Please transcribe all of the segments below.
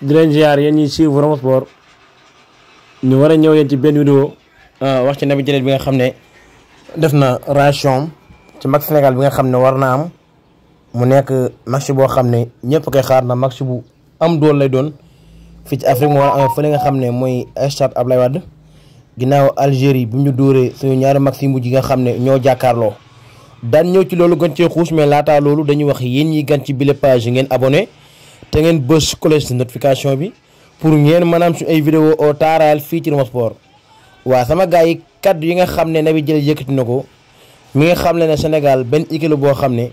di leen ziar yéen ñuy suivre Rmo Sport ñu war a ñëw yéen ci benn vidéo euh, wax ci Naby am mu nekk match boo xam ne ñëpp koy xaar na match bu am dool lay doon fii ci Afrique mu war a amee fële nga xam ne mooy stade Abdoulaye Wade ginnaaw Algérie bi ñu dóoree suñu ñaari match mais laataa loolu dañuy wax yéen ñi gan ci bile page ngeen abonné te ngeen bës collège de notification bi pour ngeen maanaam suñu ay vidéo au taaral fii ci Rmo Sport waa sama gars yi kaddu yi nga xam ne bi Dièye yëkkati na ko mi nga xam ne ne Sénégal benn équipe boo xam ne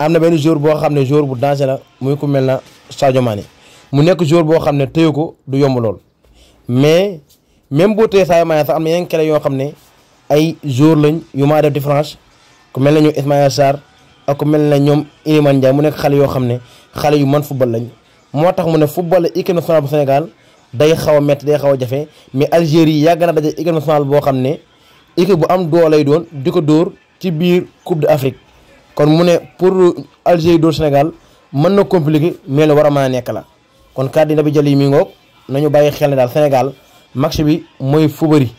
am na benn joueur boo xam ne joueur bu danger la muy ku mel na Sadio Mané mu nekk joueur boo xam ne tëye ko du yomb lool mais même boo tëyee Sadio sax am na yoo xam ne ay joueur lañ yu maa def différence ku mel na ñoom Ismaïla Sarr ak ku mel na ñoom Iliman Ndiaye mu nekk xale yoo xam ne xale yu man football lañ moo tax mu ne football équipe nationale bu Sénégal day xaw metti day xaw a jafe mais Algérie yàgg na daje équipe nationale boo xam ne équipe bu am doo lay doon di ko dóor ci biir Coupe d'Afrique kon mu ne pour Algérie dóor Sénégal mën na compliqué mais lu war a mën nekk la kon kàddu na bi jël yi mi ngoog nañu bàyyi xel ne daal Sénégal match bi mooy favori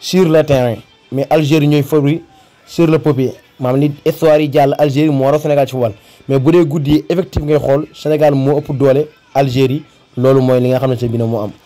sur le terrain mais Algérie ñooy favori sur le papier maam ni histoire yi jàll Algérie moo raw Sénégal ci football mais bu dee guddi yi effectif ngay xool Sénégal moo ëpp doole Algérie loolu mooy li nga xamante ne bi ne moo am